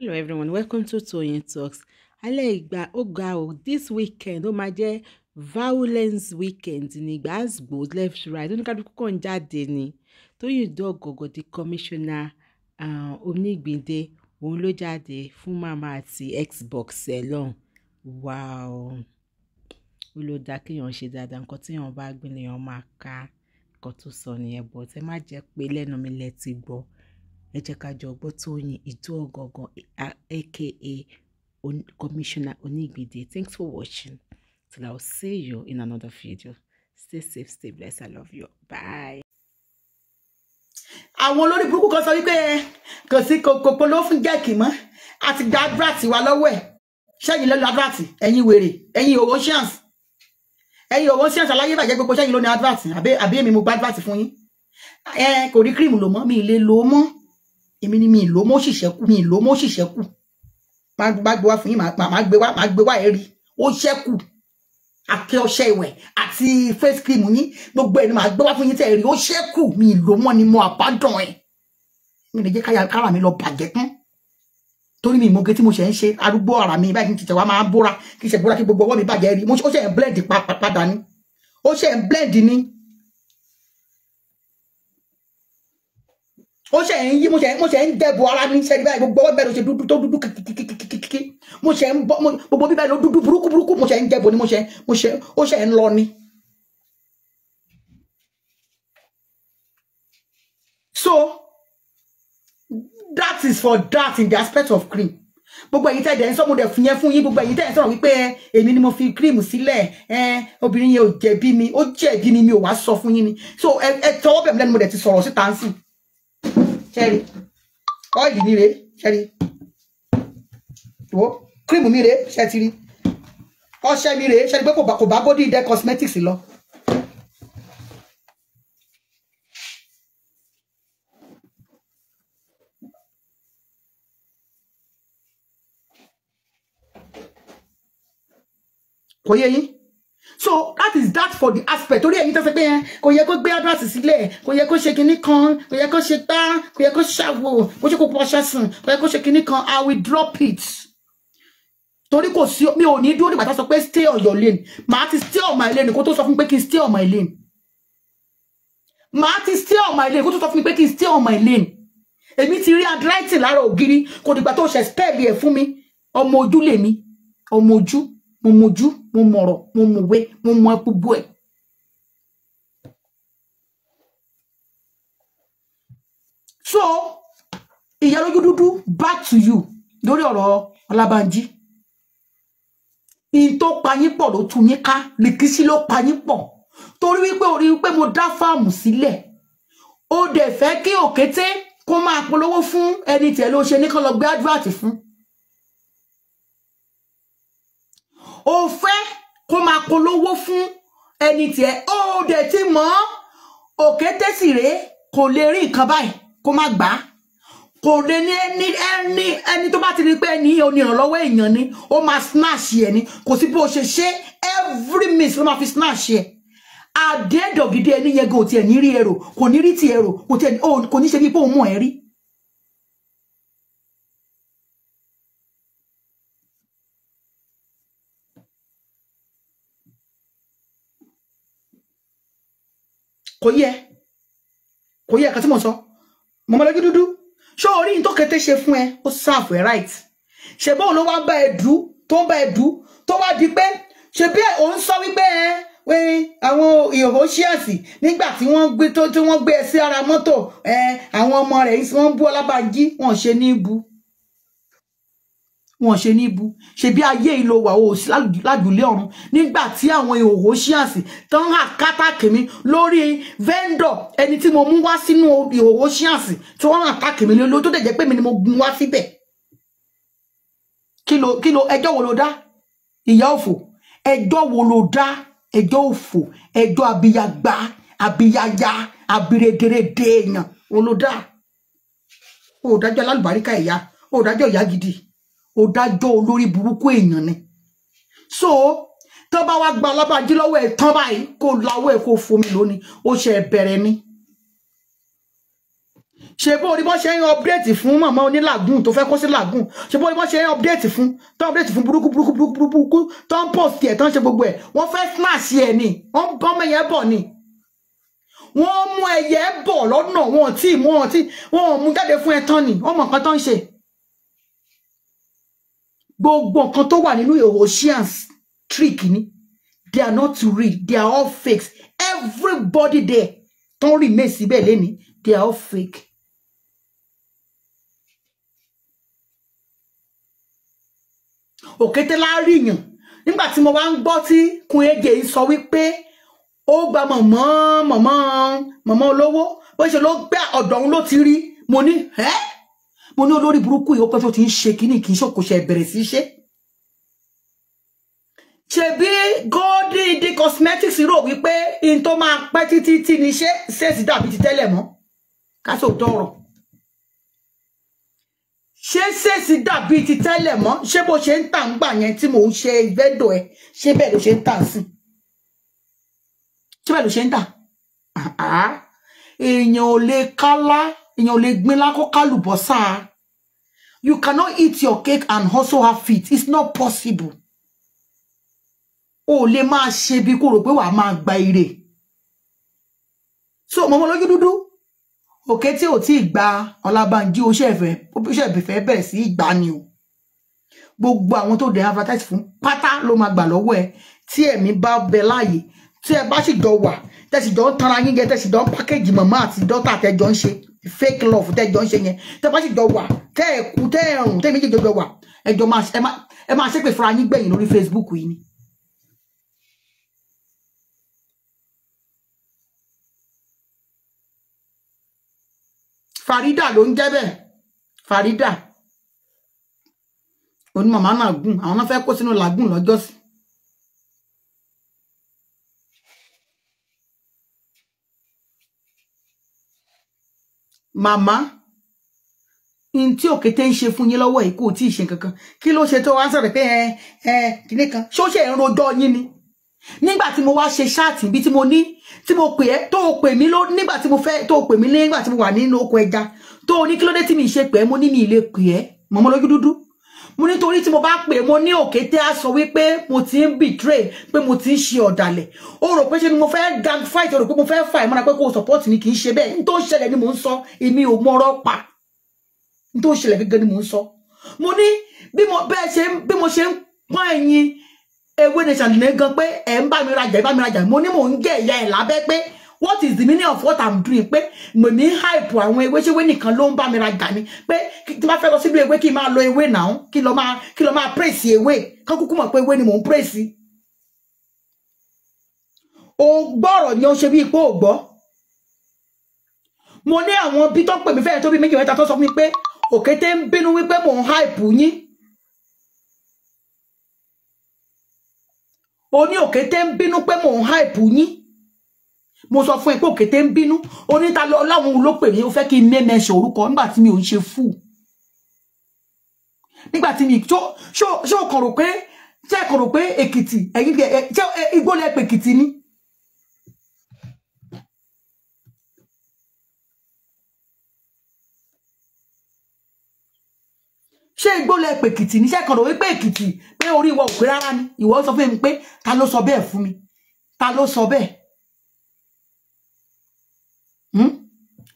Hello everyone, welcome to Toyeen Talks. Alẹ́ ìgbà ó ga o, this weekend ó máa jẹ́ violence weekend ní gbàgbó left right oníkàdúkú kàn jáde ni. Tóyìn Dọ́gọ̀gọ̀ di commissioner uh, onígbìndé òun ló jáde fún màmá àti Xbox ẹ̀ lọ́hùn. Wow! Ó ló dáa kéèyàn ṣe dáadáa, nǹkan téèyàn bá gbìn lèèyàn máa ká nǹkan tó sọ nìyẹn bọ̀ tẹ́ má jẹ́ pé lẹ́nu mi lẹ ti gbọ́ ẹ jẹ́ ká jọ gbọ́ Tóyìn ìdú ọ̀gọ̀ngàn aka commissioner Onígbìdé thanks for watching till i will see you in another video stay safe stay blessed i love you bye. àwọn olórí burúkú kan sọ wípé kò sí kòkòpó ló fún jẹ́ẹ̀kì mọ́ àti gba adúrátì wa lọ́wọ́ ẹ̀ ṣẹ́yìn lọ́nà adúrátì ẹ̀yin wèrè ẹ̀yin owó ṣíàǹsì ẹ̀yin owó ṣíàǹsì aláyé bàjẹ́ gbogbo ṣẹ́yìn lọ́nà adúrátì àbí èmi mo gba adúrátì fún yín kò rí kírìmù lò mọ́ mi ì lè lò ó mọ́ èmi ni mi ìlò mọ́ ṣìṣẹ́ kù mi ìlò mọ́ ṣìṣẹ́ kù má gbé wá fún yín má gbé wá má gbé wá ẹ̀rí ó ṣẹ́kù àti ọṣẹ ìwẹ̀ àti face cream yín gbogbo ẹni máa gbé wá fún yín tẹ́ rí ó ṣẹ́kù mi ìlò mọ́ ni mo àbádàn ẹ̀ mi lè jẹ́ káyà kára mi lọ bàjẹ́ tán torí mi ìmọ̀gẹ́ tí mo ṣe ń ṣe arúgbó ara mi báyìí kì í ṣe wá máa bóra kì í ṣe gbogbo ọwọ́ mi bàjẹ́ rí ó ṣe ń blend padà ni ó ṣe ń blend ni ó ṣe ń yí mo ṣe mo ṣe ń dẹ̀bù ara mi ṣe báyìí gbogbo ọwọ́ bẹ́ẹ̀ ṣe dúdú tó dúdú kìkìkìkìkì mo ṣe ń bọ́ gbogbo bíbá ló dúdú burúkú burúkú mo ṣe ń dẹ̀bù ni mo ṣe mo ṣe ó ṣe ń lọ ni. so that is for that in the aspect of cream gbogbo ẹ̀yin tẹ̀dẹ̀ ń sọ́mu dẹ̀ fún yẹn fún yín gbogbo ẹ̀yin tẹ̀dẹ̀ ń sọ̀rọ̀ wípé eh, èmi ni mo fi cream sílẹ̀ eh, obìnrin yẹn ò jẹ̀bi mi ó jẹ̀bi ni mi ò wá sọ fún yín ni so ẹ tọwọ́ bẹ̀ mi lẹ́nu mo dẹ̀ ti sọ̀rọ̀ síta ń sìn ṣẹ́rí ọ́ìlì mi rèé ṣẹ́rí wo kírìmù mi rèé ṣẹ́tìrí ọṣẹ mi rèé ṣẹ́rí pé kò bá bódì dẹ́ cosmetics lo kò so that is that for the aspect torí ẹ̀yin tó ṣe pé yẹn kò yẹ kó gbé address sílẹ̀ kò yẹ kó ṣe kinní kan kò yẹ kó ṣe gbá kò yẹ kó ṣàwò kó ṣe kó pọṣẹ sùn kò yẹ kó ṣe kinní kan i will drop it torí kò sí mi ò ní dúró nígbà tó sọ pé stay on your lane màá ti stay on my lane kó tó sọ fún mi pé kí n stay on my lane màá ti stay on my lane kó tó sọ fún mi pé kí n stay on my lane èmi ti rí handwriting lára ògiri kò dìgbà tó ṣe spell ẹ̀ fún mi ọmọ ojú lèmi ọmọ ojú mo mojú mo mọ̀rọ̀ mo mọ̀wé mo mọ gbogbo ẹ̀. so ìyá dúdú back to you lórí ọ̀rọ̀ Ọlábánjí in tó pa yín pọ̀ ló tu yín ká lìkísí ló pa yín pọ̀ torí wípé orí wípé mo dá fáàmù sílẹ̀ ó dẹ̀ fẹ́ kí òkété kó máa polówó fún ẹni tẹ̀ ló ṣe ní kán lọ gbé advert fún o fẹ́ kó máa polówó fún ẹni tiẹ̀ ó dẹ̀ ti mọ̀ òkè tẹ́sì rèé kò lè rí nǹkan báyìí kó má gbà á kò lè ní ẹni ẹni ẹni tó bá ti rí pé ní onírànlọ́wọ́ èèyàn ni ó máa snatch ẹ̀ ni kò sí bó ṣe ṣe every miss ló máa fi snatch ẹ̀ àdédọ̀gídé ẹni yẹn gan ò tiẹ̀ ní rí èrò kò ní rí ti èrò kò ní ṣe bí pé òun mọ̀ ẹ́ rí kò yẹ kò yẹ kan tí mo sọ mọmọ lójú dúdú ṣó orí yìí tó kété ṣe fún ẹ ó sáàfù ẹ right ṣe bóun ló wá bá ẹ dú tó ń bá ẹ dú tó wá di pé ṣe bí òun sọ wípé ẹ pé àwọn ìhòòhò ṣíàsì nígbà tí wọ́n gbé tó tí wọ́n gbé ẹ sí ara mọ́tò ẹ àwọn ọmọ rẹ̀ wọ́n bú Ọlábànjí wọ́n ṣe ní bu wọn ṣe níbu ṣe bí ayé ìlò wà ó sí lájùlé ọ̀run nígbà tí àwọn ìhòòhò ṣíàsì tán hà kátàkìmí lórí vendor ẹni tí mo mú wá sínú ìhòòhò ṣíàsì tí wọ́n hà kátàkìmí lórí tó dẹ̀ jẹ́ pé mi ni mo gun wá síbẹ̀ kí ló kí ló ẹjọ́ wo ló dá ìyá òfò ẹjọ́ wo ló dá ẹjọ́ òfò ẹjọ́ abiyagba abiyaya abiregerede èèyàn wo ló dá òdájọ́ alálùbáríkà ẹ̀yà òdájọ́ ìyá gidi ó dájọ́ olórí burúkú èèyàn ni so tó bá wá gba ọlọ́bàájí lọ́wọ́ ẹ̀ tán báyìí kó lawọ́ ẹ̀ kó fomi lónìí ó ṣe bẹ̀rẹ̀ ni ṣe bó orí bọ́ ṣe ń update fún màmá onílàgùn tó fẹ́ kó sí làgùn ṣe bó orí bọ́ ṣe ń update fún tó update fún burúkú burúkú burúkú burúkú tó ń post ẹ̀ tó ń ṣe gbogbo ẹ̀ wọ́n fẹ́ smash ẹ̀ ni wọ́n ń bọ́ mẹ́yẹ bọ̀ ni wọ́n mú ẹyẹ bọ̀ lọ́nà wọn ò tí wọn ò tí wọn ò mú jáde fún ẹ tán ni wọ́n mọ̀ nǹkan tó ń ṣe gbogbo nǹkan tó wà nínú oceans trick ni they are not real. they are all fake. everybody there tó ń remain síbẹ̀ lẹ́ni they are all fake. òkété láríyàn nígbà tí mo wá ń gbọ́ tí kun ege sọ wípé ó gba mọ̀mọ́ mọ̀mọ́ mọ̀mọ́ olówó bó ṣe ló gbé ọ̀dọ̀ òun ló ti rí mo ní ẹ́ mo ní olórí burúkú yìí ó pẹ́ tó ti ń ṣe kínní kì í ṣòkò ṣe bẹ̀rẹ̀ sí ṣe. ṣebí Golden the cosmetics rò wípé in tó máa pẹ́ títí tí ni ṣe ṣèṣì dàbí ti tẹ́lẹ̀ mọ́ kásò tọrọ ṣé ṣèṣì dàbí ti tẹ́lẹ̀ mọ́ ṣé bó ṣe ń tà ń gbà yẹn tí mò ń ṣe ìgbẹ́dọ̀ ẹ ṣé bẹ́ẹ̀ ló ṣe ń tà sí ṣé bẹ́ẹ̀ ló ṣe ń tà èèyàn ò lè kálá èèyàn ò lè gbin lákó kálùbọ́sà you cannot eat your cake and also have feet it's not possible Oh, le ma shebi bí kò rò pé wàá máa gba ire so mọmọ lójú dúdú òkè tí ò tí ì gba o ó ṣẹ̀fẹ̀ ó ṣẹ̀fẹ̀ si sí ìgbà ni o gbogbo àwọn tó dẹ̀ advertise fún pata lo máa gbà lọ́wọ́ ẹ tí ẹ̀mí bá bẹ láàyè tí ẹ bá sì jọ wà tẹ̀sí jọ ń tanra yín jẹ tẹ̀sí jọ ń pákéjì màmá àti dọ́tà tẹjọ ń ṣe fake love tẹ́ jọ ń ṣe yẹn tẹ́ bá sì jọ wà tẹ́ ẹ̀ kú tẹ́ ẹ̀ rùn tẹ́ méjèèjì jọ wà ẹ jọ máa ẹ máa ṣépè fúnra yín gbẹ̀yìn lórí Facebook yìí ni. Farida ló ń jẹ́ bẹ́ẹ̀ Farida onímọ̀ máa náà gùn àwọn náà fẹ́ kó sínú làágùn lọ́jọ́sí mama, n tí òkété ń ṣe fún yín lọ́wọ́ yìí kò tí ì ṣe kankan kí ló ṣe tó wá ń sọ̀rọ̀ pé ẹ ẹ kìnní kan ṣó ṣe ń rojọ́ yín ni nígbà tí mo wá ṣe ṣáàtì bí tí mo ní tí mo pè é tó o pè mí ló nígbà tí mo fẹ́ tó o pè mí nígbà mo wà nínú oko ẹja tó o ní kí ló dé tí mi ṣe pè mo ní mi ì lè pè é mọ́mọ́ lójú dúdú mo nítorí tí mo bá pè mo ní òkè tí a sọ wípé mo ti ń betray pé mo ti ń ṣe ọ̀dàlẹ̀ o rò pé ṣe ni mo fẹ́ gang fight o rò pé mo fẹ́ fà ìmọ̀ra pé kò support ni kì í ṣe bẹ́ẹ̀ n tó ṣẹlẹ̀ ni mò ń sọ èmi ò mọ̀rọ̀ pa n tó ṣẹlẹ̀ gẹ́gẹ́ ni mò ń sọ mo ní bí mo bẹ́ẹ̀ ṣe bí mo ṣe ń pọ́n ẹ̀yin ewé nation nìkan pé ẹ̀ ń bá mi rajà ẹ̀ bá mi rajà mo ní mò ń gẹ̀ ìyá ẹ̀ lábẹ́ pé what is the meaning of what i'm doing pé mo ní hype àwọn ewé ṣé ewé nìkan ló ń bá mi ra gà ni pé tí wọ́n fẹ́ lọ síbi ewé kí n máa lọ ewé náà kí lọ máa kí lọ máa praise ewé kán kúkú mọ̀ pé ewé ni mò ń praise. o gbọ́rọ̀ ni ó ṣe bí ipò ògbọ́ mo ní àwọn bí tó pè mí fẹ́ẹ́ tó bí méjì mẹ́ta tó sọ fún mi pé òkété ń bínú wípé mò ń hype yín. o ní òkété ń bínú pé mò ń hype yín mo sọ fún ẹ pé òkété ń bínú oníta ọláwọn ló pè mí ó fẹ́ kí n mẹ́mẹ́ ṣe orúkọ nígbà tí mi ò ń ṣe fúù nígbà tí mi ṣó kàn rò pé ṣé kàn rò pé èkìtì ẹ̀yìn ṣé igbó lẹ pé èkìtì ni. ṣé igbó lẹ pé èkìtì ni ṣé kàn rò pé èkìtì pé orí ìwọ òpè rárá ni ìwọ sọ fún mi pé ta ló sọ bẹ́ẹ̀ fún mi ta ló sọ bẹ́ẹ̀. Hmm?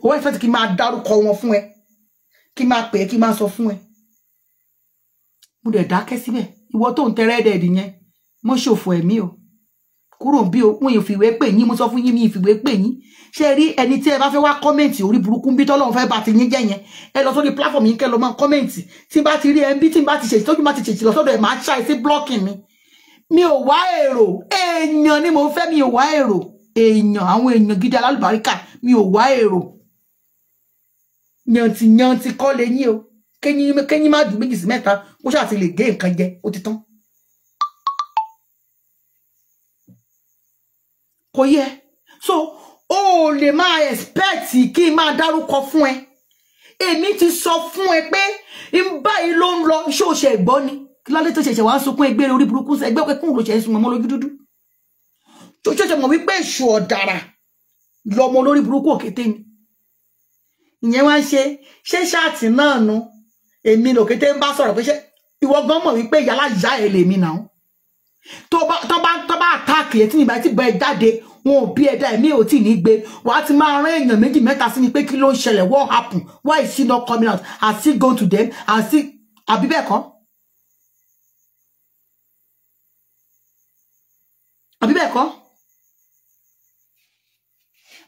ó wá ìfẹ́ tí kí máa dárúkọ wọn fún ẹ kí máa pè é kí máa sọ fún ẹ mo dẹ̀ dákẹ́ síbẹ̀ ìwọ tó ń tẹrẹ ẹdẹ nìyẹn mo ṣòfò ẹ̀mí o kúrò bí o wọn ìfìwé pè yín mo sọ fún yín mi ìfìwé pè yín ṣe rí ẹni tí ẹ bá fẹ́ wá kọ́mẹ̀ntì orí burúkú ń bí tọ́lọ́run fẹ́ bá ti yín jẹ́ yẹn ẹ lọ sórí platform yín kẹ́ lọ máa kọ́mẹ̀ntì tí n bá ti rí ẹ ń bí tí n bá ti ṣèṣì tójú má ti ṣèṣì lọ́sọ́dọ̀ ẹ̀ máa ṣàì sí blocking mi mi ò wá èrò èèyàn ni mo fẹ́ mi ò wá èrò èèyàn àwọn èèyàn gidi alálùbáríkà mi ò wá èrò yantiyanti kọ́ lè yín o kẹ́yìn má dùn méjì sí mẹ́ta ó ṣáà ti lè gé nǹkan jẹ ó ti tán. kò yẹ so o ò lè máa expect kí n máa dárúkọ fún ẹ èmi ti sọ fún ẹ pé báyìí ló ń lọ iṣẹ́ òṣè ẹ̀gbọ́n ni kí lálẹ́ tó ṣẹ̀ṣẹ̀ wá sunkún ẹgbẹ́ orí burúkú ẹgbẹ́ òkè kúrò ṣẹ̀ ń sun lójú dúdú tó ṣẹ̀ṣẹ̀ mọ̀ wípé èṣù ọ̀dàrà lọmọ olórí burúkú òkété ni ìyẹn wá ń ṣe ṣé ṣáàtì náà nu èmi lòkété ń bá sọ̀rọ̀ pé ṣé ìwọ gan mọ̀ wípé yàrá ìyá ẹ̀ lèmi náà tó bá tó bá tó bá àtáàkì ẹ̀ tí mi bá ti bọ̀ ẹ̀ jáde wọn ò bí ẹ̀dá ẹ̀mí ò tí ní gbé wàá ti máa rán èèyàn méjì mẹ́ta sí ni pé kí ló ń ṣẹlẹ̀ what happen why is she not coming out I still go to them I still àbí bẹ́ẹ̀ kọ́ àbí bẹ́ẹ̀ kọ́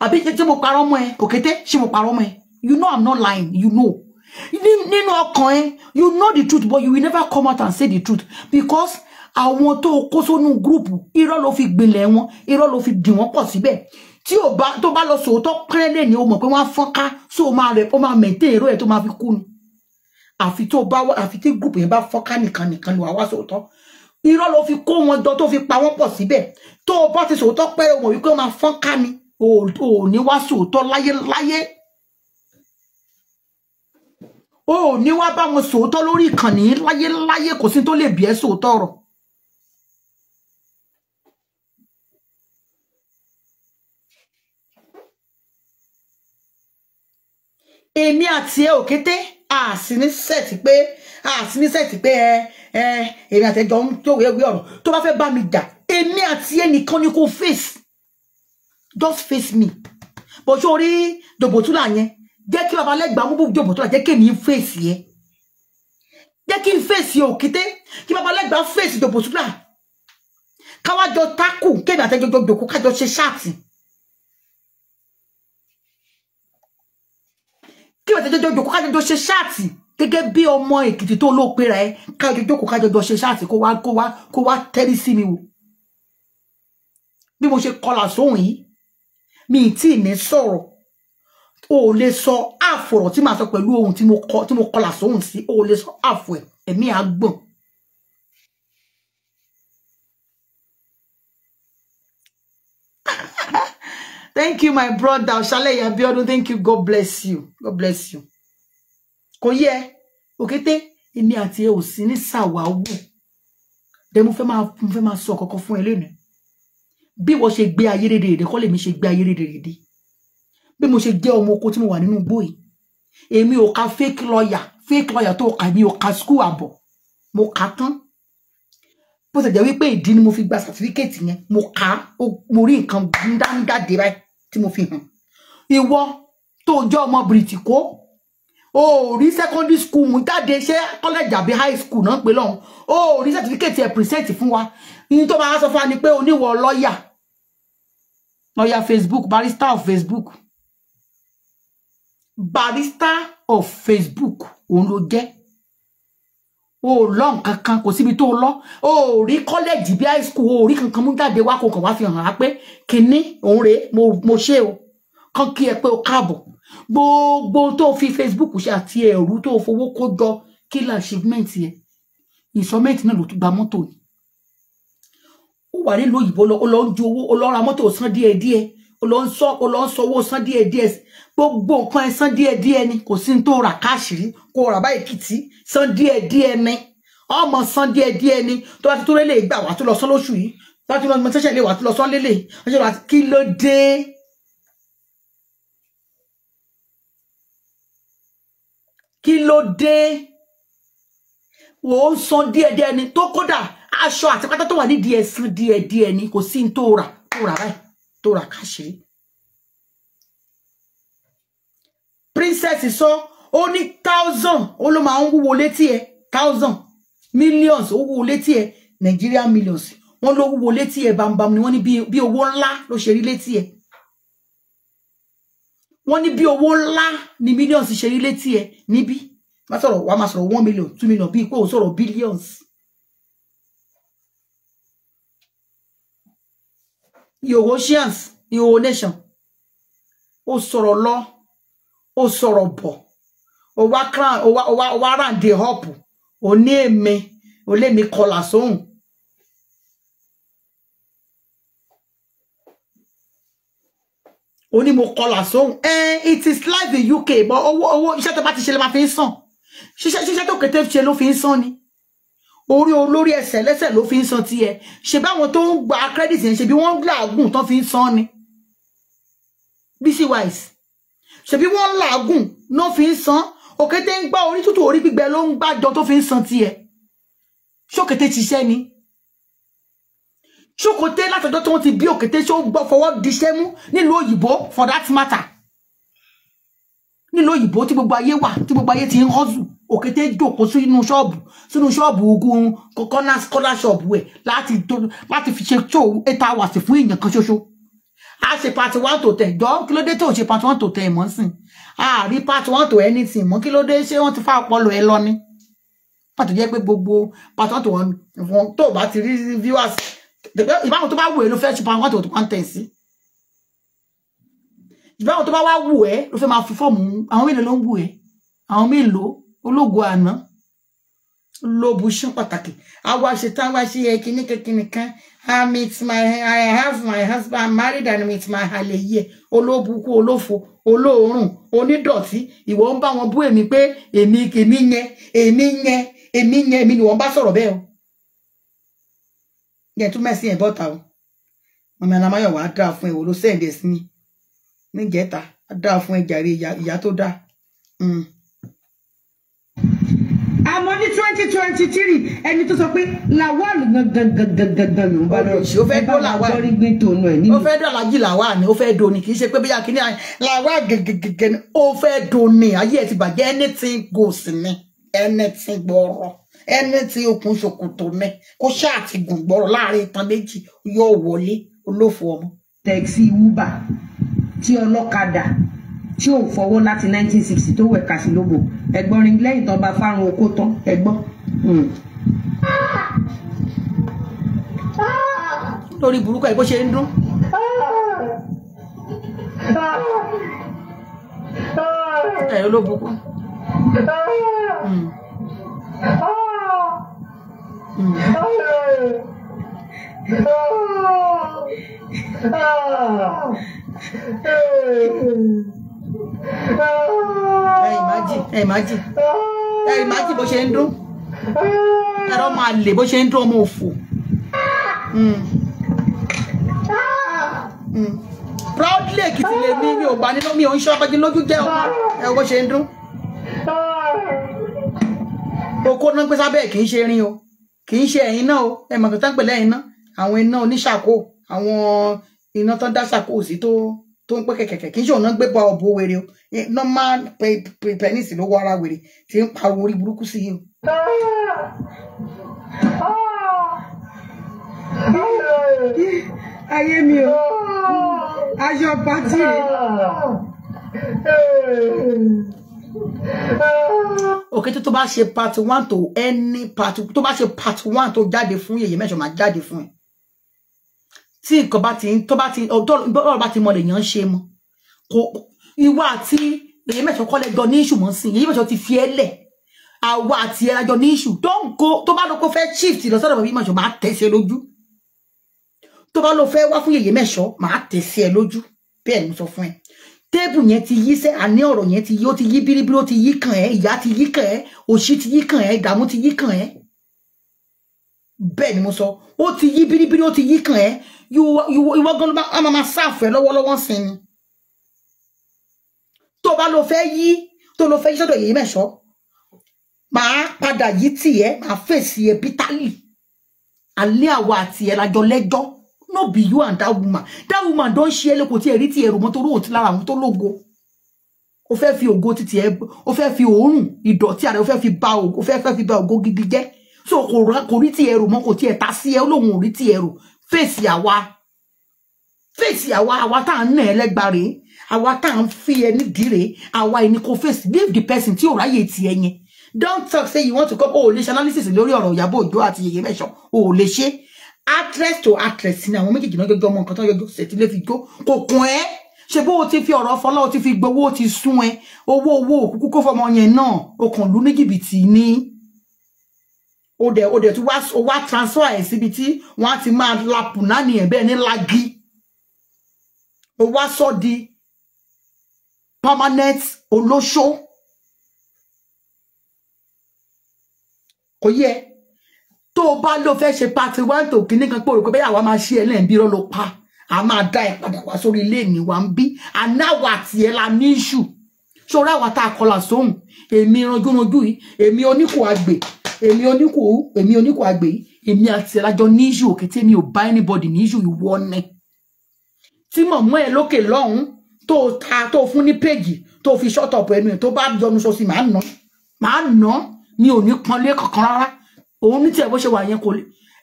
àbí ṣe mo parọ́ mọ́ ẹ òkété ṣe mo parọ́ mọ́ ẹ you know i'm not lying you know nínú ọkàn ẹ you know the truth but you will never come out and say the truth because àwọn tó kó sónú gúrùpù irọ́ ló fi gbìnlẹ̀ wọn irọ́ ló fi dì wọ́n pọ̀ síbẹ̀ tí ò bá tó bá lọ sòótọ́ pẹ́rẹ́lẹ̀ ni o mọ̀ pé wọ́n á fọ́n ká so máa rẹ̀ ó máa mẹ̀tẹ́ èrò ẹ̀ tó máa fi kú nu àfi tó bá àfi tí gúrùpù yẹn bá fọ́n ká nìkan nìkan ló wà wá sòótọ́ irọ́ ló fi kó wọn jọ tó fi pa wọ́n pọ̀ síbẹ̀ tó bá ti sòótọ́ pẹ́rẹ́ o wípé wọ́n máa fọ́n ká ni ò ní wá sòótọ́ láyéláyé o ò ní bá wọn sòótọ́ lórí ìkànnì láyéláyé kò sí tó lè bí ẹ́ sòótọ́ ọ̀rọ̀. èmi àti ẹ òkété àsì pé àsì pé ẹ ẹ èmi àtẹjọ ń tó wéwé ọ̀rọ̀ tó bá fẹ́ bá mi jà èmi àti ẹ nìkan ni kò fèsì just face me bó ṣe orí dòbòtúlà yẹn jẹ́ kí babalẹ́gbàá mú dòbòtúlà jẹ́ kémi fèsì yẹn jẹ́ kí n fèsì òkété kí babalẹ́gbàá fèsì dòbòtúlà káwájọ tákù kémi àtẹjọjọ jòkó kájọ ṣe ṣáàtì kí àtẹjọjọ jòkó kájọ ṣe ṣáàtì gẹ́gẹ́ bí ọmọ èkìtì tó ló pera ẹ kájọ jókòó kájọ jọ ṣe ṣáàtì kó wá kó wá kó wá tẹ́rí sí mi wò bí mo ṣe kọlà sóhun yìí mi tí ì ní sọ̀rọ̀ o ò so sọ àfọ̀rọ̀ tí màá sọ pẹ̀lú ohun tí mo kọlà sóhùn sí o ò lè sọ àfọ̀ ẹ̀ ẹ̀mí thank you my brother Shale ya Abíọ́dún thank you God bless you God bless you kò yẹ òkété èmi àti ẹ ò sí ní sàwáwò dẹ mo fe ma mo fẹ́ máa sọ kọ̀kọ̀ fún ẹ bí wọ́n ṣe gbé ayé rere rèé kọ́ lèmi ṣe gbé ayé rere rèé bí mo ṣe jẹ́ ọmọ oko tí mo wà nínú igbó yìí èmi ò ka fake lawyer fake lawyer tó kà mí ò ka school àbọ̀ mo kà tán bó ṣe jẹ́ wípé ìdí ni mo fi gba certificate yẹn mo kà á mo rí nǹkan dáńdáde báyìí tí mo fi hàn ìwọ tó jẹ́ ọmọ bìrìtìkó o ò rí secondary school mú jáde ṣé college àbí high school náà pé lọ́hùn o ò rí certificate ẹ̀ present fún wa ní tó máa sọ fún wa ni pé oníwọ̀ lọ́ọ̀yà lọ́ọ̀yà Facebook barrister of Facebook barrister of Facebook òun ló jẹ́ o lọ nǹkan kan kò síbi tó lọ o rí kọ́lẹ́jì bí high school o rí kankan mú jáde wá kó kàn wá fi hàn á pé kínní òun rèé mo ṣe o kàn kí ẹ pé o káàbọ̀ gbogbo tó fi Facebook ṣe àti ẹ̀rú tó fowó kó jọ kí la achievement yẹn ìsọmẹ́ǹtì náà ló tún gba mọ́tò yìí wà nílùú òyìnbó ó lọ ń ju owó ó lọ ra mọ́tò san díẹ̀díẹ̀ ó lọ ń sọ ó lọ ń sanwó san díẹ̀díẹ̀ gbogbo nǹkan ẹ san díẹ̀díẹ̀ ni kò sí ní tó rà káàṣìrí kò rà báyìí kìtì san díẹ̀díẹ̀ ni ọmọ san díẹ̀díẹ̀ ni tó bá ti tó lélẹ̀ ìgbà wà tó lọ sán lóṣù yìí tó bá ti lọ sẹ́sẹ̀ lè wà tó lọ sán lélẹ̀ ọjọ́ ìwà kí ló dé. kí ló dé wò ó san díẹ̀díẹ̀ ni tó kódà aṣọ àti pátá tó wà ní díẹ̀ sí díẹ̀ díẹ̀ ni kò sí tó rà tó rà báyìí tó rà káṣe. princess sọ ó ní thousand ó ló máa ń wúwo létí ẹ thousand millions ó wúwo létí ẹ Nigeria millions wọ́n ló wúwo létí ẹ bambam ni wọ́n ní bí owó ńlá ló ṣe rí létí ẹ wọ́n ní bí owó ńlá ni millions ṣe rí létí ẹ níbí má sọ̀rọ̀ wàá má sọ̀rọ̀ one million two million bíi pé òun sọ̀rọ̀ billions. Your Yorùbá your nation ó sọ̀rọ̀ lọ ó sọ̀rọ̀ bọ̀ ó wá crown ó wá ó wá ó wá ràǹdè họ́pù ó ní èmi ó lé mi kọlà sóhùn. ó ní mo kọlà sóhùn ẹ eh, it is like the UK but owó owó iṣẹ́ tó bá ti ṣe lè máa fi ń sàn ṣiṣẹ́ ṣiṣẹ́ tó kété ṣe ló fi ni orí olórí ẹsẹ̀ lẹ́sẹ̀ ló fi ń san tiẹ̀ ṣe báwọn tó ń gba credit yẹn ṣe bí wọ́n làágùn tán fi ń san ni Bisi Wise ṣe bí wọ́n làágùn náà fi ń san òkété ń gbá orí tútù orí gbígbẹ ló ń gbàjọ tó fi ń san tiẹ̀ ṣókété ṣiṣẹ́ ni ṣókété látọjọ́ tí wọ́n ti bí òkété ṣó gbọ́ fọwọ́ diṣẹ́ mú nílùú òyìnbó for that matter nílùú òyìnbó tí gbogbo ayé wà tí gbogbo ayé ti ń hustle òkété jòkó sínú ṣọ́ọ̀bù sínú ṣọ́ọ̀bù ogun scholar kọ́nà we. ẹ̀ láti láti fi ṣe tó eight hours fún èèyàn kan ṣoṣo a ṣe part one to ten jọ kilo de to se ṣe part one to ten mọ́ sìn a rí part one to anything mọ́ kilo de se ṣé wọ́n ti fa ọpọlọ ẹ lọ ni pàtó jẹ́ pé gbogbo part one to one tó bá ti rí viewers ìbáwọn tó bá wù ẹ́ ló fẹ́ ṣe part one to one si. sí ìbáwọn ba bá wo wù lo fe ma máa fi fọ́ọ̀mù àwọn mélòó ló ń wù ẹ́ àwọn mélòó ológo àná lóbu ṣán pàtàkì àwa ṣetán wá ṣe kíní kíní kan i meet my i have my husband married and meet my àlèyé olóbukú olófo olóòórùn onídọ̀tí ìwọ ń bá wọn bú èmi pé èmi èmi yẹn èmi yẹn èmi yẹn èmi ni wọ́n bá sọ̀rọ̀ bẹ́ẹ̀ o yẹn tún mẹ́sìn ẹ̀ bọ́ta o mọ̀mí alamáyọ̀ wá dáa fún ẹ̀ wò ló sẹ́ǹdẹ̀ sí mi níjẹta dáa fún ẹ̀ jàre ìyá tó dáa. Hmm twenty twenty three ẹni tó sọ pé lawal gangan ló ń bá lọ sí ó fẹ́ dó lawal ó fẹ́ dó ó fẹ́ dó alájí lawal ni ó fẹ́ dó ni kì í ṣe pé bóyá kí ni lawal gẹ́gẹ́gẹ́ ni ó fẹ́ dó ni ayé ẹ̀ ti bàjẹ́ anything goes ni anything gbọ́rọ̀ anything okùn ṣòkòtò mi kó ṣáà ti gùn gbọ́rọ̀ láàrin ìtàn méjì yóò wọlé olófò ọmọ. tẹ̀sí uber tí ọlọ́kadà tí ò fọwọ́ láti 1960 tó wẹ̀ka sí lóbò ẹ̀gbọ́n ring lẹ́yìn tán bá fárun okó tán ẹ̀gbọ́n. torí hmm. burúkú ẹ̀ bó ṣe ń dún. ẹ̀ ló bukú. Oh hmm. hmm ẹ ìmájì ẹ ìmájì ẹ ìmájì bó ṣe ń dún ẹ̀rọ máa lè bó ṣe ń dún ọmọ òfò. proudly èkìtì lè ní mi ò bá nínú mi ò ń ṣe ọkọjú lójú jẹ́ ọmọ ẹ bó ṣe ń dún. oko náà pé sábẹ́ kì í ṣe rin o kì í ṣe ẹ̀yin náà o ẹ̀ mọ̀tò tán pẹ̀lẹ́ ẹ̀yin náà àwọn iná oníṣàkó àwọn iná tó dá ṣàkó tó tó ń pẹ́ kẹ̀kẹ̀kẹ̀ kì í ṣe òun náà gbé bá ọ̀bọ wèrè o normal penis ló wọ ara wèrè tí ń pariwo orí burúkú sí yìí. ayé mi o ayọ̀ pátì òkè tó tó bá ṣe part one to any part tó bá ṣe part one tó jáde fún yèyé mẹ́sàn-án máa jáde fún ẹ tí nǹkan bá ti tó bá ti bọ́ọ̀lù bá ti mọ lèèyàn ṣe mọ kò ìwà àti èyí mẹ́sàn-án kọ́lẹ̀ jọ ní ìṣù mọ́ sí èyí mẹ́sàn-án ti fi ẹ́ lẹ̀ àwa àti ẹ̀rọ jọ ní ìṣù tó ń kó tó bá lọ kó fẹ́ shift lọ sọ́dọ̀ bàbá mẹ́sàn-án máa tẹ̀sẹ̀ lójú tó bá lọ fẹ́ wá fún yèyé mẹ́sàn-án máa tẹ̀sẹ̀ lójú bẹ́ẹ̀ ni mo sọ fún ẹ téèpù yẹn ti yí sẹ́ àní ọ̀rọ̀ yẹn ti yí ó ti yí bíríbírí ó ti yí kàn ẹ́ ìyá ti yí kàn ẹ́ òṣì ti yí kàn ẹ́ ìdààmú ti yí kàn ẹ́ bẹ́ẹ̀ ni mo sọ ó ti yí biribiri ó ti yí kàn ẹ́ ìwọ gan ló bá máa ṣàfẹ́ lọ́wọ́lọ́wọ́ sí ni tó bá lọ fẹ́ yí tó lọ fẹ́ yí sọ́dọ̀ yèyí mẹ́sọ́ màá padà yí tìyẹ́ màá fèsì ẹ bítálì alẹ́ àwa àti ẹ̀ lájọ lẹ́jọ́ no be you and that woman that woman don ṣe é lẹ́kọ̀ọ́ tí ẹ̀ rí tí ẹ̀rù mọ́tò róòtì lára àwọn tó lógo o fẹ́ fi ògo títí ẹ o fẹ́ fi òórùn ìdọ̀tí ara o fi ba ògo o fẹ́ fi ba ògo gidi jẹ́ so kò rí tí ẹrù mọ́ kò tí ẹ ta sí ẹ ó lóun ò rí tí ẹrù fèsì àwa fèsì àwa àwa tá à ń nà ẹ lẹ́gba rèé àwa tá à ń fi ẹ nídìí rèé àwa ẹni kò fèsì leave the person tí ò ráyè ti ẹ yẹn don't talk say you want to come o ò lè ṣe analysis lórí ọ̀rọ̀ Ìyábọ̀ Òjó àti Yèyé Mẹ́sàn o ò lè ṣe actress to actress ni àwọn méjèèjì náà gẹ́gẹ́ ọmọ nǹkan tó yọjọ́ ṣètì lè fi jó kò kún ẹ́ ṣe bó o ti fi ọ̀rọ̀ fọlá o ti fi gbowó o ti sún ẹ owó owó òkúkú kó fọmọ yẹn náà o kàn lù ní jìbìtì ni o dẹ̀ o dẹ̀ tún wá o wá transfer ẹ̀ síbi tí wọ́n ti máa la pùnánì ẹ̀ bẹ́ẹ̀ ni lagi o wá sọ di permanent olóṣó kò yẹ tó o bá ló fẹ́ ṣe party one tó kìíní kan pé o rò pé bẹ́ẹ̀ àwa máa ṣe ẹ̀ lẹ́yìn pa a máa dá ẹ padà wá sórí ilé ìní wa ń bí anáwà tiẹ̀ la ní ìṣù ṣó ráwa tá a kọlà sóhùn èmi ranjúranjú yìí èmi oníkùn àgbè èmi oníkù èmi oníkù àgbè èmi àti ẹlájọ ní issue òkè tí èmi ò bá anybody ní issue ìwọ ni tí mọ̀mọ́ ẹ lókè lọ́hùn tó ta tó fún ní péjì tó fi shut up ẹnu ẹ tó bá yọnu sọ sí màá nà màá nà mi ò ní pọnlé kankan rárá òun ní tiẹ̀ bó ṣe wà yẹn kò lè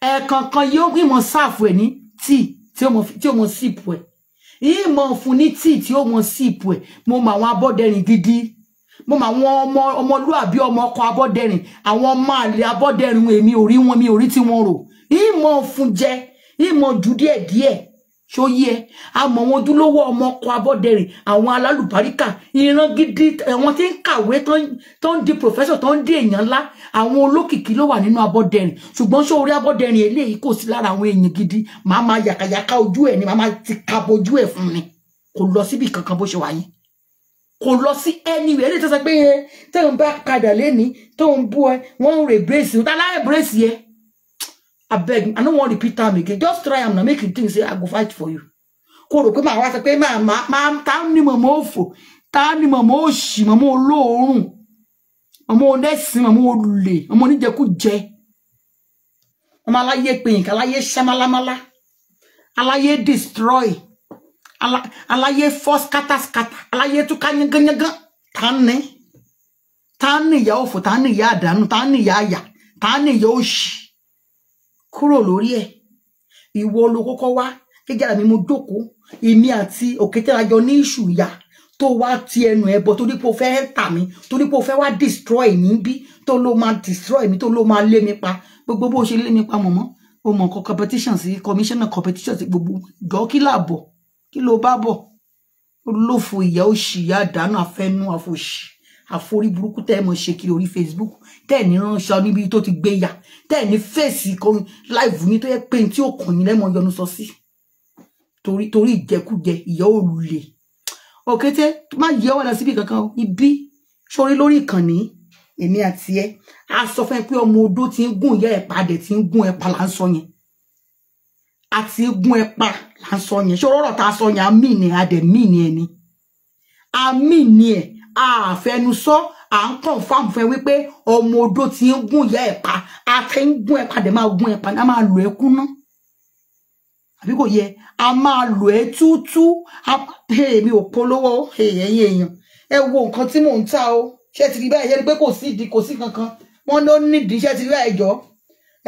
ẹ̀ẹ̀kankan yóò ìmọ̀ sáàfù ẹ̀ ní tíì tí ó mọ̀ síìpù ẹ̀ ìmọ̀ fún ní tíì tí ó mọ̀ síìpù ẹ̀ mo mọ àwọn abọ́dẹrìn gidi mo mọ àwọn ọmọ ọmọlúàbí ọmọ ọkọ abọ́dẹrìn àwọn ọmọ àlè abọ́dẹrìn èmi ò rí wọn mi ò rí tí wọn rò ìmọ̀ fún jẹ ìmọ̀ jù díẹ̀díẹ̀ ṣó yí ẹ àmọ́ wọn ojúlówó ọmọ ọkọ abọ́dẹrìn àwọn alálùbáríkà ìran gidi àwọn tí ń kàwé tó ń di professor tó ń di èèyàn ńlá àwọn olókìkí ló wà nínú abọ́dẹrìn ṣùgbọ́n ṣó orí abọ́dẹrìn eléyìí kò sí lára àwọn èèyàn gidi màá máa yàkàyàkà ojú ẹ ni màá máa ti kabo ojú ẹ fún ni kò lọ síbi kankan bó ṣe wáyé kò lọ sí anywhere ẹni tó sọ pé tóun bá padà lẹ́ni tóun bú ẹ wọ́n ń rèbírèsì ó tálá rèbírèsì ẹ abeg i no wan repeat am again just try am na make you think say i go fight for you kò rò pé màá wá sọ pé màá máa ta ni mọ̀mọ́ òfò ta ni mọ̀mọ́ òṣì mọ̀mọ́ olóòórùn mọ̀mọ́ onẹ́sìn mọ̀mọ́ olè mọ̀mọ́ oníjẹkújẹ ọmọ aláyé pèyìnkà aláyé ṣẹ́málámálá aláyé destroy aláyé fọ́ skátáskátá aláyé tú ká yángányángán tá ní tá ní ìyá òfò tá ní ìyá àdánù tá ní ìyá àyà tá ní ìyá òṣì kúrò lórí ẹ̀ ìwọ ló kọ́kọ́ wá gẹ́gẹ́ mi mo dòkó èmi àti òkétélájọ ní ìṣù ìyá tó wá ti ẹnu ẹ bọ torí pé o fẹ́ tà mí torí pé o destroy mi bí tó ló máa destroy mi tó ló máa lé mi pa gbogbo bó ṣe lé mi pa mọ̀mọ́ o mọ̀ nǹkan competition sí commissioner competition sí gbogbo gọ́kílà bọ̀ kí ló bá bọ̀ olófo ìyá òṣì ìyá àdánù afẹ́nú àfòṣì àforí burúkú tẹ́ ẹ mọ̀ ṣe kiri orí facebook tẹ́ ẹ̀ ní ránṣọ níbi tó ti gbé yà tẹ́ ẹ̀ ní fèsì kan láìvù ní tó yẹ pé tí ó kàn yín lẹ́mọ̀ yọnu sọ sí torí torí ìjẹkújẹ ìyá òrùlé òkété má yẹ wà lọ síbi kankan ibi sórí lórí ìkànnì èmi àti ẹ a sọ fún ẹ pé ọmọ odó ti ń gùn ìyá ẹ padà ti ń gùn ẹ pàlà ń sọ yẹn àti igun ẹ̀pà là ń sọ yẹn ṣòro ọ̀rọ̀ tá a sọ yẹn àmì ni adẹ̀ mí ni ẹni àmì ni ẹ̀ àfẹnusọ à ń confam fẹ wípé ọmọ odó ti ń gún ìyá ẹ̀pà àti ń gún ẹ̀pà dẹ̀ máa gún ẹ̀pà náà máa lò ẹ́ kúná àbí kò yẹ a máa lò ẹ́ túútú èmi ò polówó ẹ̀yìn èèyàn ẹ wo nǹkan tí mò ń ta o ṣé ti rí báyìí ṣe ni pé kò sí ìdí kò sí kankan wọ́n ló nídìí ṣé ti rí báyìí jọ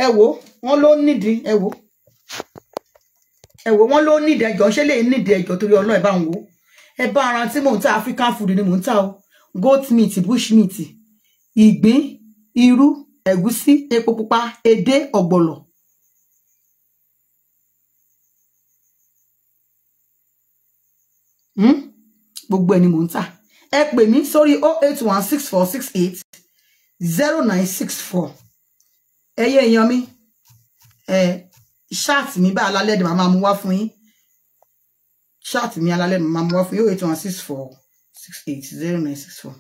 ẹ wo wọ́n ló nídìí ẹ wo ẹ̀wọ̀ wọn ló nídìí ẹjọ́ ṣé lè nídìí ẹjọ́ torí ọlọ́ọ̀ ẹ̀ bá ń wo ẹ bá tí mò ń ta African food ni mò ń ta o goat meat bush meat ìgbín irú ẹ̀gúsí epo pupa edé ọ̀gbọ̀lọ̀ hmm? gbogbo ẹ̀ ni mò ń tà ẹ pè mí sórí oh eight one six four six eight zero nine six four ẹyẹ èèyàn mi ẹ ṣáàtì mi ba alálẹ́ ni màmá mu wá fún yín ṣáàtì mi alálẹ́ ni mu wá fún yín oh eight one six four six eight zero nine six four.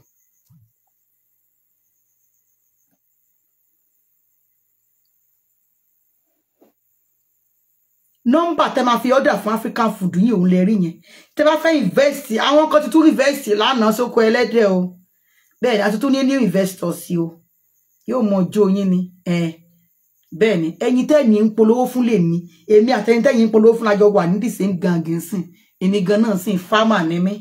nọ́mbà tẹ máa fi ọ́dà fún African food yìí òun lè rí yẹn tẹ bá fẹ́ invest àwọn kan ti tún invest lánàá sóko ẹlẹ́dẹ̀ o bẹ́ẹ̀ ni a ni tún ní new investors o Yo mọ ọjọ́ yín ni. Eh bẹ́ẹ̀ ni ẹ̀yin tẹ́yin ń polówó fún lèmi èmi àtẹ̀yin tẹ́yin ń polówó fún lájọ wà ní the same gang sìn èmi gan náà sìn fámà ni mí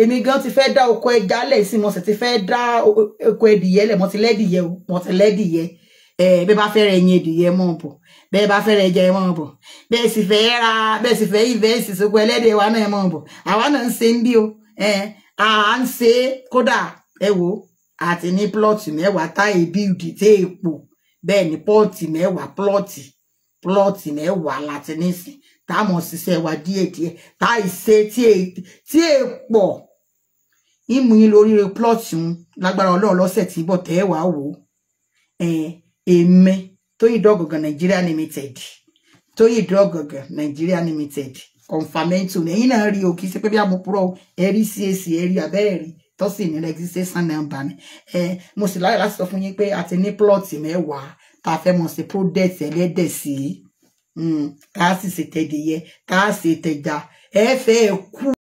èmi gan ti fẹ́ dá oko ẹja lẹ̀ sí mo sì ti fẹ́ dá oko ẹdìyẹ lẹ̀ mo ti lẹ́dìyẹ mo ti lẹ́dìyẹ ẹ bẹ́ẹ̀ bá fẹ́ ẹyin ẹdìyẹ mọ̀ bọ̀ bẹ́ẹ̀ bá fẹ́ rẹ ẹja ẹ mọ̀ sì fẹ́ ra bẹ́ẹ̀ sì fẹ́ ìfẹ́ ìsìnkú ẹlẹ́dẹ̀ wa náà ẹ mọ̀ bọ̀ àwa náà ń ṣe ń bí o ẹ à ń ṣe kódà ẹ wo àti ní plọ̀tù mẹ́wàá tá èbí ìdí tẹ́ èpò bẹ́ẹ̀ ni pọ́ọ̀tì mẹ́wàá plọ́ọ̀tì plọ́ọ̀tì mẹ́wàá láti nísìn tá ṣiṣẹ́ wa díẹ̀díẹ̀ tá a ṣe tí è pọ̀ ìmú yín lórí plọ́ọ̀tì ń lágbára ọlọ́run lọ́sẹ̀ tí bọ̀ tẹ́ wàá wò èmi Toyin Ido-Ogangan Nigeria Limited Toyin Ido-Ogangan Nigeria Limited confamentum ẹ̀yin náà rí o kì í ṣe pé bí amúpúrọ̀ ẹ̀rí CAC ẹ̀rí abẹ́ẹ̀rí tó sì ní registration number ni ẹ mo sì láyọ̀ láti sọ fún yín pé a ti ní plọ́ọ̀tì mẹ́wàá tá a fẹ́ mọ̀ sí product ẹlẹ́dẹ̀ sí hmm, tá a sì ṣe tá a ṣe ẹ fẹ́ kú